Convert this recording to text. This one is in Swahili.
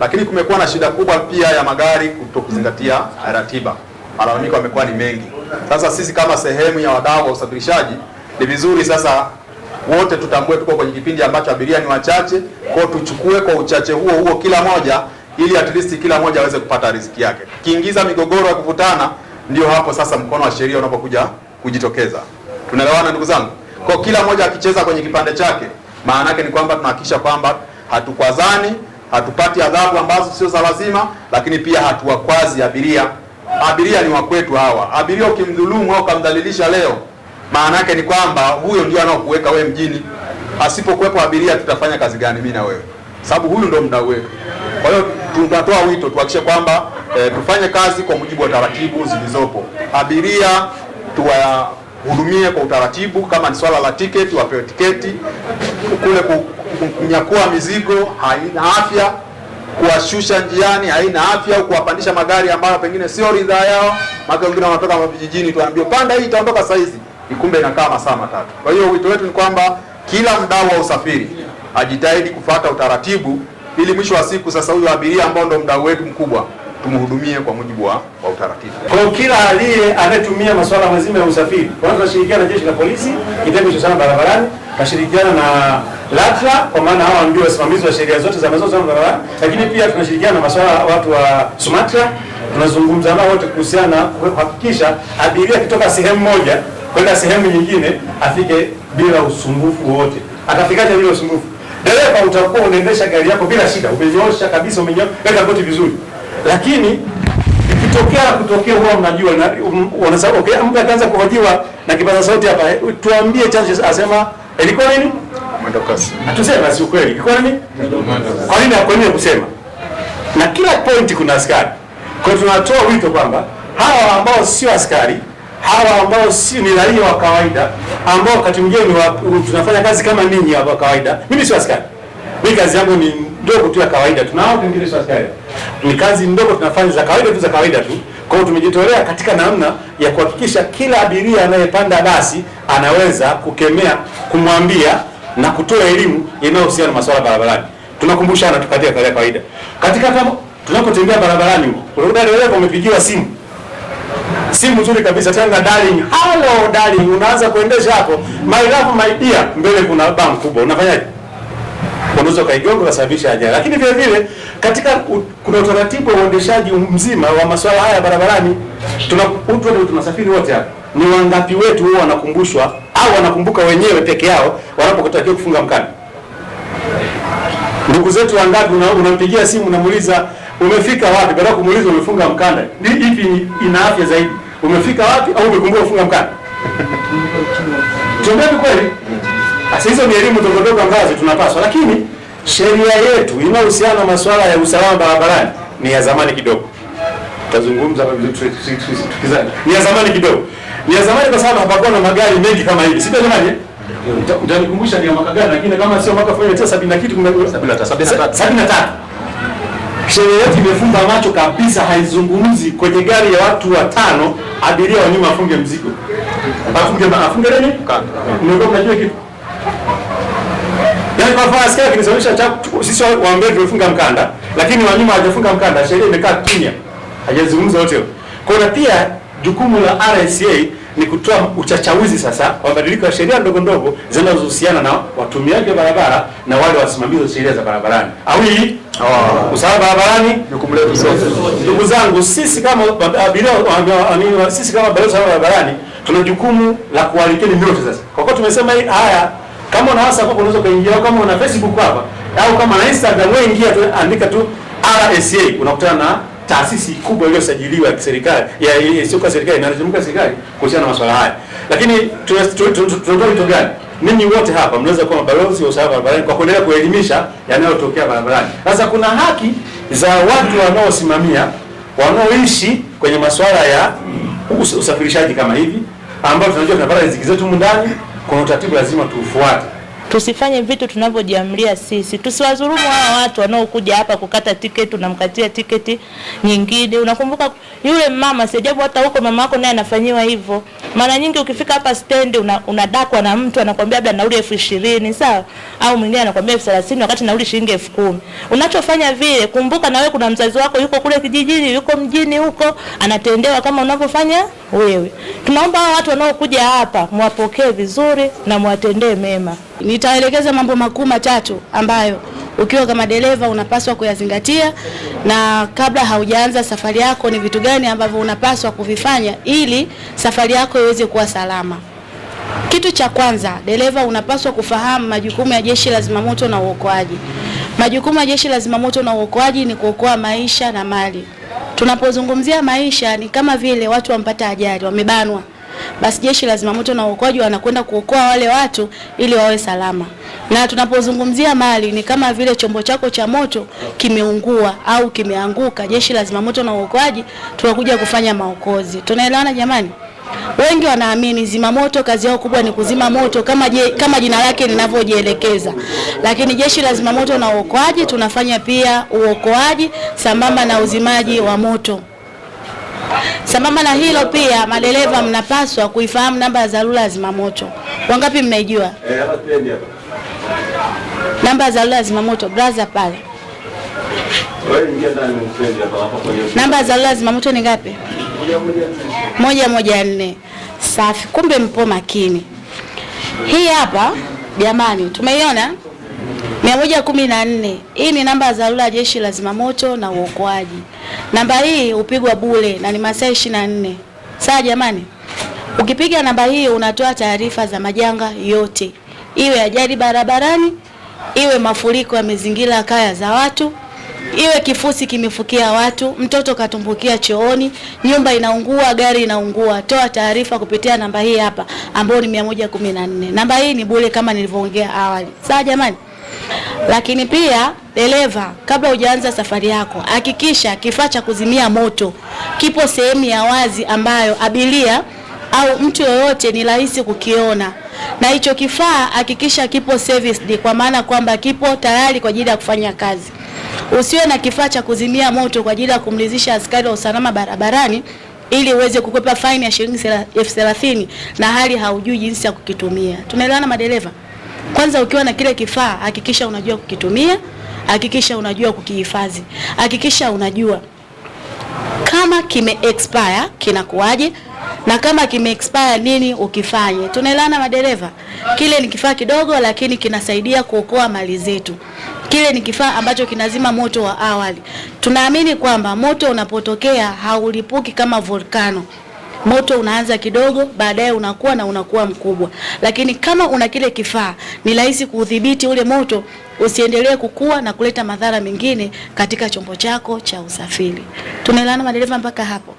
lakini kumekuwa na shida kubwa pia ya magari kutokuzingatia ratiba. Malalamiko yamekuwa ni mengi. Sasa sisi kama sehemu ya wadau wa usafirishaji, ni vizuri sasa wote tutambue tuko kwenye kipindi ambacho abiria ni wachache, kwa tuchukue kwa uchache huo huo kila moja, ili at least kila moja aweze kupata riziki yake. Kiingiza migogoro ya kuvutana, ndio hapo sasa mkono wa sheria unapokuja kujitokeza. Tunaelewana ndugu zangu? Kwa kila moja akicheza kwenye kipande chake, maana yake ni kwamba tunahakikisha kwamba hatukwazani hatupati adhabu ambazo sio za lazima, lakini pia hatuwakwazi abiria. Abiria ni wakwetu hawa. Abiria ukimdhulumu au ukamdhalilisha leo, maana yake ni kwamba huyo ndio anaokuweka wewe mjini. Asipokuwepo abiria, tutafanya kazi gani mimi na wewe? Sababu huyu ndio mdau wetu. Kwa hiyo tunatoa wito tuhakikishe kwamba e, tufanye kazi kwa mujibu wa taratibu zilizopo. Abiria tuwahudumie kwa utaratibu, kama ni swala la tiketi wapewe tiketi kule ku, kunyakua mizigo haina afya, kuwashusha njiani haina afya, au kuwapandisha magari ambayo pengine sio ridhaa yao. maka wengine wanatoka vijijini, tuambie panda hii itaondoka saa hizi, ikumbe inakaa masaa matatu. Kwa hiyo wito wetu ni kwamba kila mdau wa usafiri ajitahidi kufuata utaratibu, ili mwisho wa siku sasa huyu abiria ambao ndo mdau wetu mkubwa tumhudumie kwa mujibu wa utaratibu. Kwa hiyo kila aliye anayetumia masuala mazima ya usafiri, kwanza tunashirikiana na jeshi la polisi, kitengo cha usalama barabarani, tunashirikiana na LATRA kwa maana hawa ndio wasimamizi wa sheria zote za mazoezi barabarani, lakini pia tunashirikiana na masuala watu wa SUMATRA, tunazungumza nao wote kuhusiana na kuhakikisha abiria kutoka sehemu moja kwenda sehemu nyingine afike bila usumbufu wote. Atafikaje bila usumbufu? Dereva, utakuwa unaendesha gari yako bila shida, umenyoosha kabisa, umenyoosha, weka goti vizuri lakini ikitokea kutokea, huwa mnajua wanasema okay, mtu akaanza kuhojiwa na kipaza sauti hapa, eh, tuambie chances, asema eh, ilikuwa nini, mwendo kasi, atusema si ukweli, ilikuwa nini, kwa nini kwa nini kusema, na kila point kuna askari. Kwa hiyo tunatoa wito kwamba hawa ambao sio askari, hawa ambao si ni raia wa kawaida, ambao wakati mwingine tunafanya kazi kama ninyi hapa kawaida. Mimi sio askari, mimi kazi yangu ni ndogo tu ya kawaida, tunao wengine sio askari ni kazi ndogo tunafanya za kawaida tu za kawaida tu. Kwa hiyo tumejitolea katika namna ya kuhakikisha kila abiria anayepanda basi anaweza kukemea, kumwambia na kutoa elimu inayohusiana na masuala barabarani. Tunakumbushana tu katika kawaida. Katika kama tunapotembea barabarani huko, unakuta dereva umepigiwa simu. Simu nzuri kabisa tanga darling. Hello darling, unaanza kuendesha hapo. My love my dear, mbele kuna bank kubwa. Unafanyaje? unaweza ukaigonga ukasababisha ajali. Lakini vile vile katika u, kuna utaratibu wa uendeshaji mzima wa masuala haya barabarani. Tuna tunasafiri wote hapa, ni wangapi wetu huwa wanakumbushwa au wanakumbuka wenyewe peke yao wanapotakiwa kufunga mkanda? Ndugu zetu wangapi unampigia simu unamuuliza umefika wapi, baada kumuuliza umefunga mkanda, ni ipi ina afya zaidi, umefika wapi au umekumbuka kufunga mkanda? Tuambie kweli. Sasa hizo ni elimu ndogondogo ambazo tunapaswa, lakini sheria yetu inayohusiana na masuala ya usalama barabarani ni ya zamani kidogo. Tutazungumza tukizana, ni ya zamani kidogo, ni ya zamani kwa sababu hapakuwa na magari mengi kama hivi, sio jamani? Mtanikumbusha ni ya mwaka gani, lakini kama sio mwaka kitu, 1973 sheria yetu imefumba macho kabisa, haizungumzi kwenye gari ya watu watano, abiria wa nyuma afunge mzigo, afunge afunge nini? Mnajua kitu Yaani kwa mfano askari akinisimamisha cha sisi waambie tumefunga mkanda, lakini wa nyuma hawajafunga mkanda, sheria imekaa kimya. Hajazungumza yote. Kwa hiyo pia jukumu la RSA ni kutoa uchachawizi sasa wa mabadiliko ya sheria ndogo ndogo zinazohusiana na watumiaji wa barabara na wale wasimamizi wa sheria za barabarani. Au hii oh, ah. usalama barabarani jukumu letu sote. Ndugu zangu, sisi kama abiria sisi kama balozi wa barabarani tuna jukumu la kuwalikeni nyote sasa. Kwa kuwa tumesema hii haya kama una WhatsApp hapo unaweza kuingia, au kama una Facebook hapa, au kama na Instagram wewe ingia tu, andika tu RSA unakutana na taasisi kubwa iliyosajiliwa ya serikali ya sio kwa serikali na inazunguka serikali kuhusiana na masuala haya. Lakini tunatoa vitu gani? Ninyi wote hapa mnaweza kuwa mabalozi wa usalama barabarani kwa kuendelea kuelimisha yanayotokea barabarani. Sasa kuna haki za watu wanaosimamia wanaoishi kwenye masuala ya usafirishaji kama hivi ambao tunajua tunapata riziki zetu mundani kuna utaratibu lazima tuufuate, tusifanye vitu tunavyojiamlia sisi, tusiwadhulumu hawa watu wanaokuja hapa kukata tiketi, unamkatia tiketi nyingine. Unakumbuka yule mama, si ajabu hata huko mama yako naye anafanyiwa hivyo. Mara nyingi ukifika hapa stendi unadakwa una na mtu anakwambia labda nauli elfu ishirini sawa, au mwingine anakwambia elfu thelathini wakati nauli shilingi elfu kumi Unachofanya vile, kumbuka na wewe kuna mzazi wako yuko kule kijijini, yuko mjini huko, anatendewa kama unavyofanya wewe. Tunaomba watu wanaokuja hapa mwapokee vizuri na mwatendee mema. Nitaelekeza mambo makuu matatu ambayo ukiwa kama dereva unapaswa kuyazingatia, na kabla haujaanza safari yako, ni vitu gani ambavyo unapaswa kuvifanya ili safari yako iweze kuwa salama. Kitu cha kwanza, dereva unapaswa kufahamu majukumu ya Jeshi la Zimamoto na Uokoaji. Majukumu ya Jeshi la Zimamoto na Uokoaji ni kuokoa maisha na mali. Tunapozungumzia maisha ni kama vile watu wampata ajali, wamebanwa, basi jeshi la zimamoto na uokoaji wanakwenda kuokoa wale watu ili wawe salama. Na tunapozungumzia mali ni kama vile chombo chako cha moto kimeungua au kimeanguka, jeshi la zimamoto na uokoaji tunakuja kufanya maokozi. Tunaelewana jamani? Wengi wanaamini zimamoto kazi yao kubwa ni kuzima moto kama, je, kama jina lake linavyojielekeza, lakini jeshi la zimamoto na uokoaji tunafanya pia uokoaji sambamba na uzimaji wa moto. Sambamba na hilo pia, madereva mnapaswa kuifahamu namba ya dharura ya zimamoto. Wangapi mnaijua eh, namba ya dharura ya zimamoto? Brother pale, namba ya dharura ya zimamoto ni ngapi? moja moja nne. Safi, kumbe mpo makini. Hii hapa jamani, tumeiona mia moja kumi na nne. Hii ni namba ya dharura ya jeshi la zimamoto na uokoaji. Namba hii hupigwa bule na ni masaa ishirini na nne. Sawa jamani, ukipiga namba hii unatoa taarifa za majanga yote, iwe ajali barabarani, iwe mafuriko yamezingira kaya za watu iwe kifusi kimefukia watu, mtoto katumbukia chooni, nyumba inaungua, gari inaungua, toa taarifa kupitia namba hii hapa ambayo ni 114. Namba hii ni bure kama nilivyoongea awali, sawa jamani? Lakini pia dereva, kabla hujaanza safari yako, hakikisha kifaa cha kuzimia moto kipo sehemu ya wazi ambayo abiria au mtu yoyote ni rahisi kukiona, na hicho kifaa hakikisha kipo serviced, kwa maana kwamba kipo tayari kwa ajili ya kufanya kazi. Usiwe na kifaa cha kuzimia moto kwa ajili ya kumridhisha askari wa usalama barabarani ili uweze kukwepa faini ya shilingi elfu thelathini na hali haujui jinsi ya kukitumia. Tunaelewana madereva? Kwanza ukiwa na kile kifaa hakikisha unajua kukitumia, hakikisha unajua kukihifadhi, hakikisha unajua kama kime expire kinakuwaje na kama kimeexpire nini ukifanye. Tunaelewana madereva, kile ni kifaa kidogo, lakini kinasaidia kuokoa mali zetu. Kile ni kifaa ambacho kinazima moto wa awali. Tunaamini kwamba moto unapotokea haulipuki kama volkano moto unaanza kidogo, baadaye unakuwa na unakuwa mkubwa, lakini kama una kile kifaa ni rahisi kuudhibiti ule moto usiendelee kukua na kuleta madhara mengine katika chombo chako cha usafiri. Tunaelewana madereva mpaka hapo?